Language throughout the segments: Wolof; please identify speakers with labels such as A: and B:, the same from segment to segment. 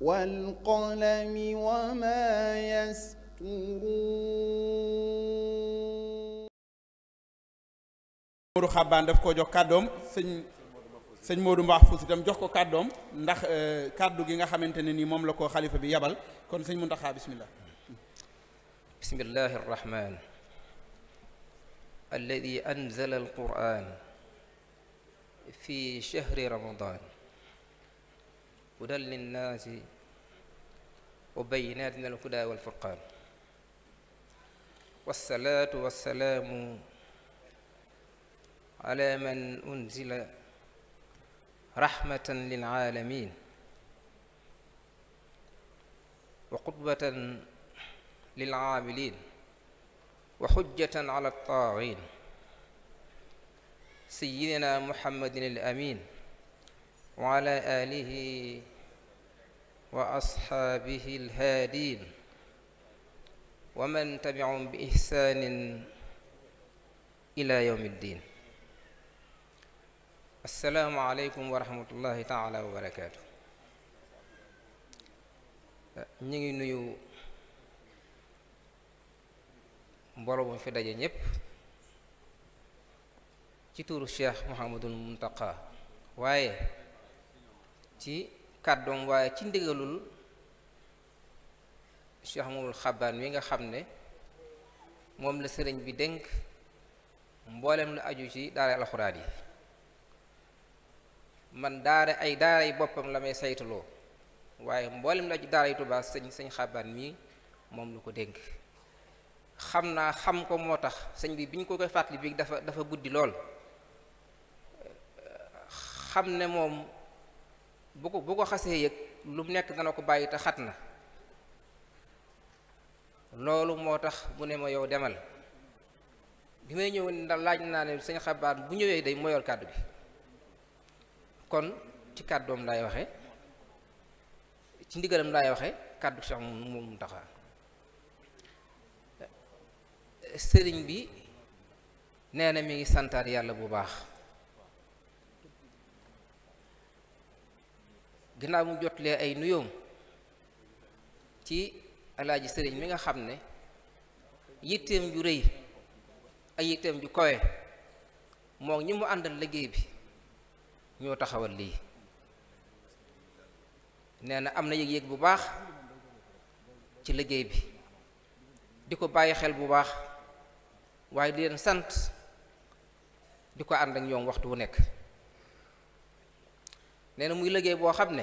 A: والقلم وما يسطرون Modou Xabaan daf ko jox kàddoom sëñ sëñ Modou Mahfous itam jox ko kàddoom ndax euh, kàddu gi nga xamante ne ni moom la ko xalifa bi yabal kon sëñ Muntaxa bismillah bismillahi arrahman alladi anzala alquran fi shahri ramadan هدى للناس وبينات من الهدى والفرقان والصلاة والسلام على من أنزل رحمة للعالمين وقطبة للعاملين وحجة على الطاغين سيدنا محمد الأمين وعلى آله وأصحابه الهادين ومن تبعهم بإحسان إلى يوم الدين السلام عليكم ورحمة الله تعالى وبركاته ñu ngi nuyu mbooloo mu fi daje ñépp ci tuuru Cheikh Mouhamadul Muntaqa waaye ci kàddoom waaye ci ndigalul Cheikh Mamadul Xabaan wi nga xam ne moom la sëriñ bi dénk mboolem la aju ci daara alxuraan yi man daara ay daara boppam la may saytuloo waaye mboolem la aju daara yi Tuubaa sëñ sëñ Xabaan mii moom la ko dénk xam naa xam ko moo tax sëñ bi bi ñu ko koy fàttali bi dafa dafa guddi lool xam ne moom bu ko bu ko xasee yëg lu mu nekk dana ko bàyyi te xat na loolu moo tax mu ne ma yow demal bi may ñëw ndax laaj naa ne sëñ xabaar bu ñëwee day moyool kàddu bi kon ci kàddoom laay waxe ci ndigalam laay waxe kàddu sax mu mu taxa sëriñ bi nee na mi ngi santaat yàlla bu baax ginnaaw mu jotlee ay nuyoom ci alaaji sëriñ mi nga xam ne yitteem yu rëy ay yitteem ju kowe moom ñi mu àndal liggéey bi ñoo taxawal lii nee na am na yëg-yëg bu baax ci liggéey bi di ko bàyyi xel bu baax waaye di leen sant di ko àndak ñoom waxtu wu nekk nee na muy liggéey boo xam ne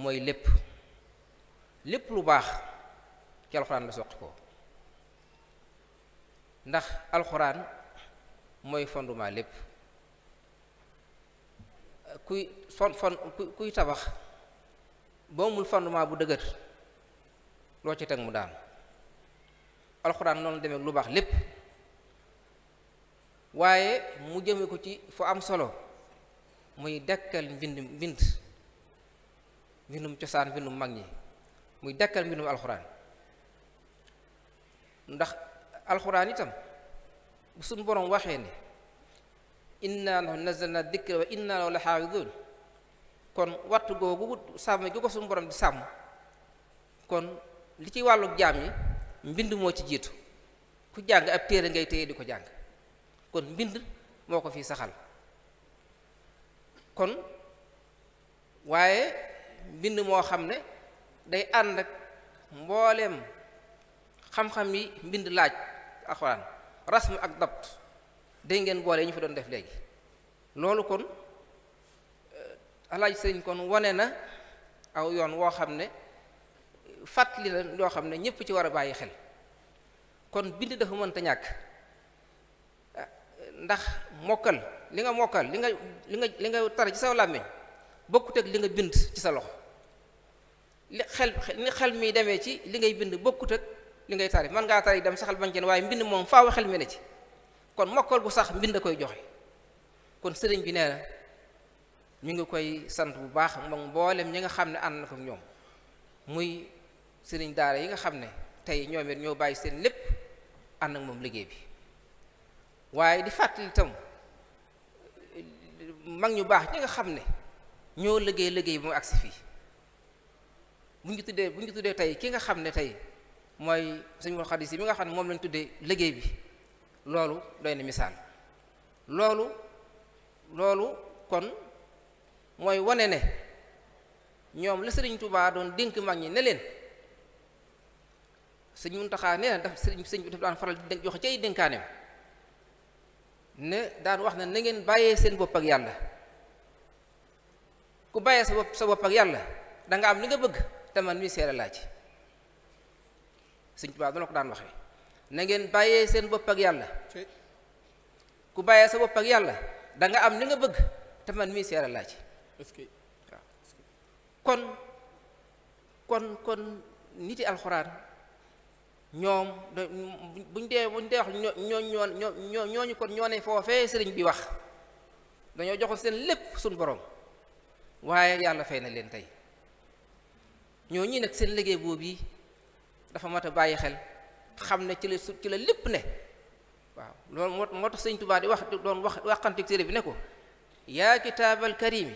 A: mooy lépp lépp lu baax ci alxuraan la soqi ko ndax alxuraan mooy fondement lépp kuy fon fon kuy tabax boo mul fondement bu dëgër loo ci teg mu daan alxuraan noonu demee lu baax lépp waaye mu jëme ko ci fu am solo muy dekkal mbind mbind mbindum cosaan mbindum mag ñi muy dekkal mbindum alxuraan ndax alxuraan itam bu suñ borom waxee ne inna nahnu nazzalna dikra wa inna lahu la xaafidun kon wattu googu sàmm gi ko suñu borom di sàmm kon li ci wàllu jaam yi mbind moo ci jiitu ku jàng ab téere ngay téye di ko jàng kon mbind moo ko fi saxal kon waaye mbind moo xam ne day ànd ak mbooleem xam-xam yi mbind laaj alxuraan rasm ak dabt day ngeen boole ñu fa doon def léegi loolu kon eh, alaaj sëñ kon wane na aw yoon woo xam ne fàttali la loo xam ne ñëpp ci war a bàyyi xel kon bind dafa mënta ñàkk eh, ndax mokkal li nga mokkal li nga li nga li nga tar ci saw làmmiñ bokkut ak li nga bind ci sa loxo li xel ni xel mi demee ci li ngay bind bokkut li ngay tari mën ngaa tari dem sa xel bañ waaye mbind moom faaw xel mi ne ci kon mokkal bu sax mbind koy joxe kon sëriñ bi nee na ñu ngi koy sant bu baax moom mboolem ñi nga xam ne ànd na ko ñoom muy sëriñ daara yi nga xam ne tey ñoom it ñoo bàyyi seen lépp ànd ak moom liggéey bi waaye di fàttali tam mag ñu baax ki nga xam ne ñoo liggéey liggéey ba mu agsi fii bu ñu tuddee bu ñu tuddee tey ki nga xam ne tey mooy suñu wax xadis yi mi nga xam ne moom lañ tuddee liggéey bi loolu doy na misaal loolu loolu kon mooy wane ne ñoom la sëriñ Tuubaa doon dénk mag ñi ne leen sëñ Muntaxaa nee na daf sëriñ sëñ bi daf daan faral di joxe ci ay dénkaaneem ne daan wax na na ngeen bàyyee seen bopp ak yàlla ku bàyyee sa bopp sa bopp ak yàlla danga am li nga bëgg te man mii seere laa Sëñ Tuubaa daan waxee na ngeen bàyyee seen bopp ak yàlla ku bàyyee sa bopp ak yàlla da am li nga bëgg te man mii seere laa ci waaw kon kon kon niti alxuraan ñoom buñ dee buñ dee wax ñoo ñoo ñoo ñooñu kon ñoo ne foofee sëriñ bi wax dañoo joxoon seen lépp suñ borom waaye yàlla fay na leen tey ñoo ñii nag seen liggéey boobu yi dafa mat a bàyyi xel xam ne ci la su ci la lépp ne waaw loolu moo moo tax sëñ Tuubaa di wax doon wax waxante téere bi ne ko yaa kitaabal karimi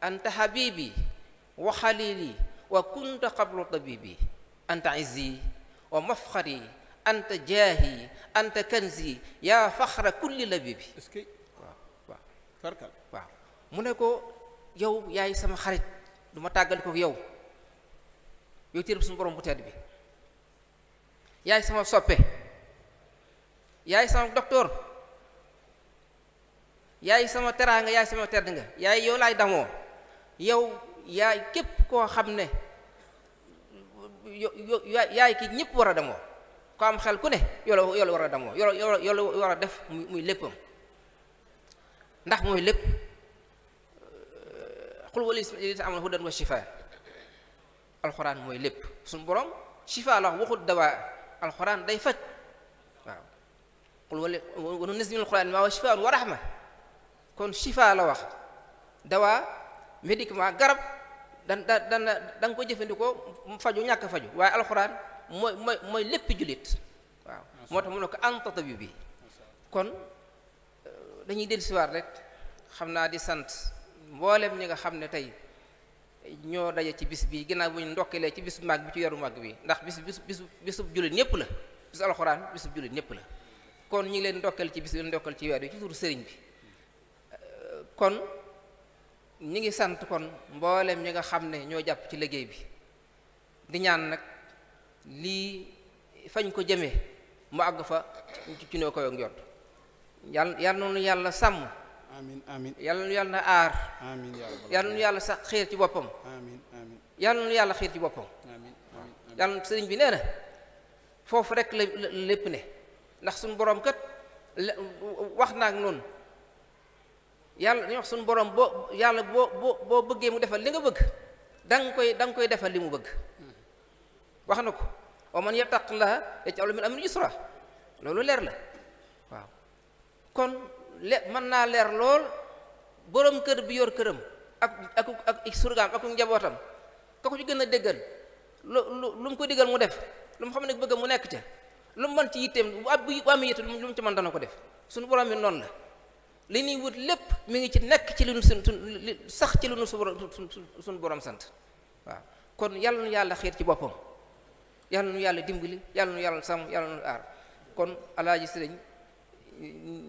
A: anta habibi wa xalili wa kunta qablu tabibi anta izzi wa mafxari anta jaahi anta kanzi yaa faxra kulli labibi waaw mu ne ko yow yaay sama xarit du ma tàggal ko yow yow téereb suñu borom bu tedd bi yaay sama soppe yaay sama docteur yaay sama teraanga yaay sama tedd nga yaay yow lay damoo yow yaay képp koo xam ne yo yaay ki ñëpp war a damoo ko am xel ku ne yow la war a damoo yow la war a def muy léppam ndax mooy lépp xul wali am na hudan wa shifa alxuraan mooy lépp suñ borom shifa la wax waxut dawaa alxuraan day faj waaw xul wali wa nunazzilu alxuraan maa wa shifaan wa rahma kon shifa la wax dawaa médicament garab dan da dan da nga ko jëfandikoo faju ñàkk faju waaye alxuraan mooy mooy mooy lépp jullit waaw moo tax mu ne ko anta tabibi kon euh, dañuy dellusiwaat rek xam naa di sant mboolem ñi nga xam ne tey ñoo daje ci bis bi ginnaaw bu ñu ndokkelee ci bisu màgg bi ci yaru màgg bi ndax bis bis bis bisub jullit ñëpp la bisu alxuraan bisub jullit ñëpp la kon ñu ngi leen ndokkeel ci bis bi leen ndokkeel ci weer bi ci turu sëriñ bi euh, kon ñi ngi sant kon mbooleem ñi nga xam ne ñoo jàpp ci liggéey bi di ñaan nag lii fañ ko jëmee mu àgg fa ci noo koy njort yàlla yàlla noonu yàlla sàmm amiin amiin yàlla nu na aar amiin yàlla nu yàlla sax xiir ci boppam amiin amiin yàlla xiir ci boppam amiin amiin sëriñ bi nee na foofu rek la lépp ne ndax suñu boroom kat wax naa ak noonu yàlla dañuy wax suñu boroom boo yàlla boo boo boo bëggee mu defal li nga bëgg da koy danga koy defal li mu bëgg wax na ko wa man yattaqillaha yaj'al min amri yusra loolu leer la waaw kon le mën naa leer lool borom kër bi yor këram ak ak ak surgaam ak njabootam ka ko gën a déggal lu lu mu ko digal mu def lu mu xam ne bëgg mu nekk ca lu mu mën ci yitteem bu ab bu amee yitte lu mu ci man dana ko def suñu borom yi noonu la li ñuy wut lépp mi ngi ci nekk ci li nu sun sax ci li nu suñ borom sant waaw kon yàlla nu yàlla xeet ci boppam yàlla nu yàlla dimbali yàlla nu yàlla sàmm yàlla nu aar kon alaaji sëriñ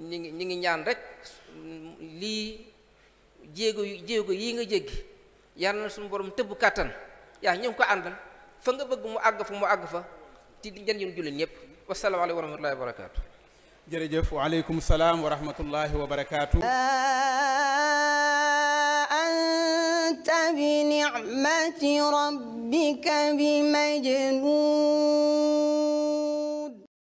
A: ñi ngi ñi ngi ñaan rek lii jéego jéego yii nga jéggi yàlla na suñu borom tëbb kàttan yaa ñu ngi ko àndal fa nga bëgg mu àgg fa mu àgg fa ci njëriñu jullit ñëpp wasalaamaaleykum wa rahmatullahi wa barakaatu jërëjëf waaleykum salaam wa rahmatullahi wa barakaatu. anta bi ni'mati rabbika bi majnun